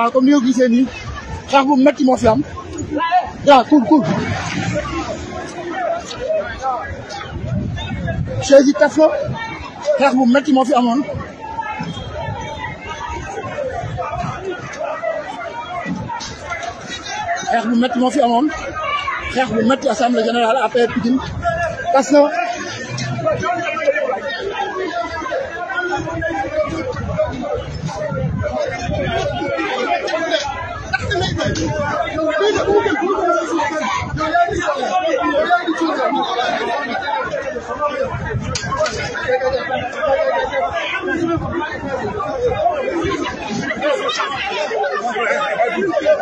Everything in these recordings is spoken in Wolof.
waaw comme ni nga gisee xeex bu métti moo fi am waaw cool cool. chaise yi taf xeex bu métti moo fi amoon. xeex bu métti fi amoon xeex bu métti assemblée générale APR Pikine tas na.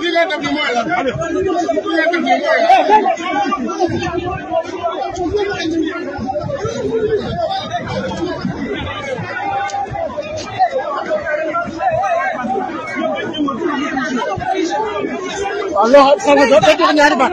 li ngeen def nii mooy lan li ngeen def nii mooy lan. waaw loo xam sànq doo jox ñaari baat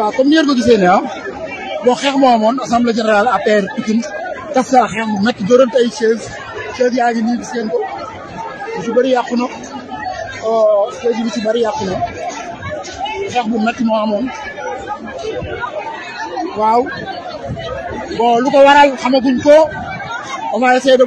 waaw comme ni ngeen ko gisee ne ah bon xeex moo amoon assemblée générale APR Pikine tas naa xeex bu métti dóorante ay chaise chaise yaa ngi nii gis ngeen ko lu ci bëri yàqu na oh, chaise bi ci bëri yàqu xeex bu métti moo amoon waaw bon lu ko waral ko on va essayer de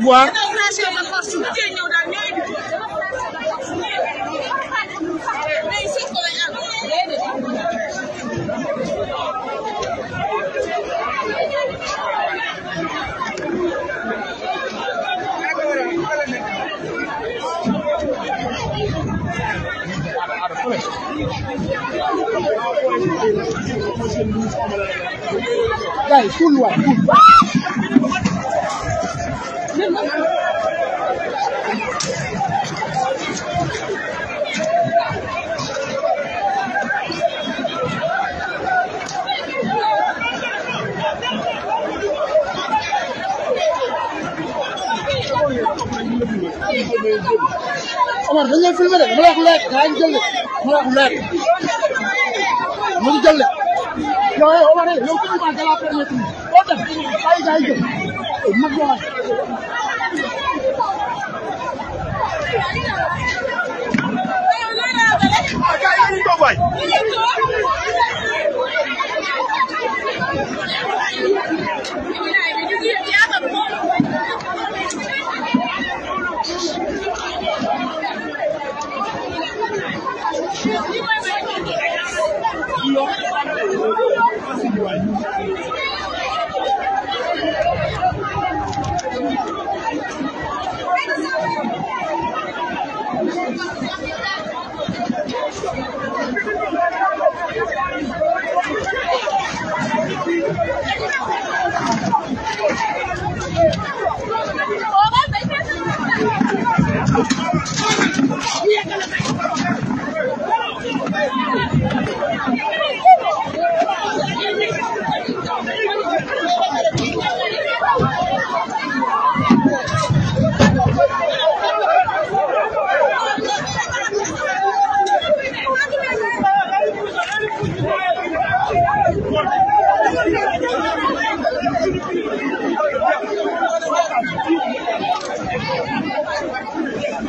promise. Guys, full one, full. Omar dañ leen filmé de dama la wax leer gaa ngi jël Mohamed Modou Jalle yow yow ma ne eh, yow kii ma gën a permettre boo def ay gars yi jël mag yow Thank you.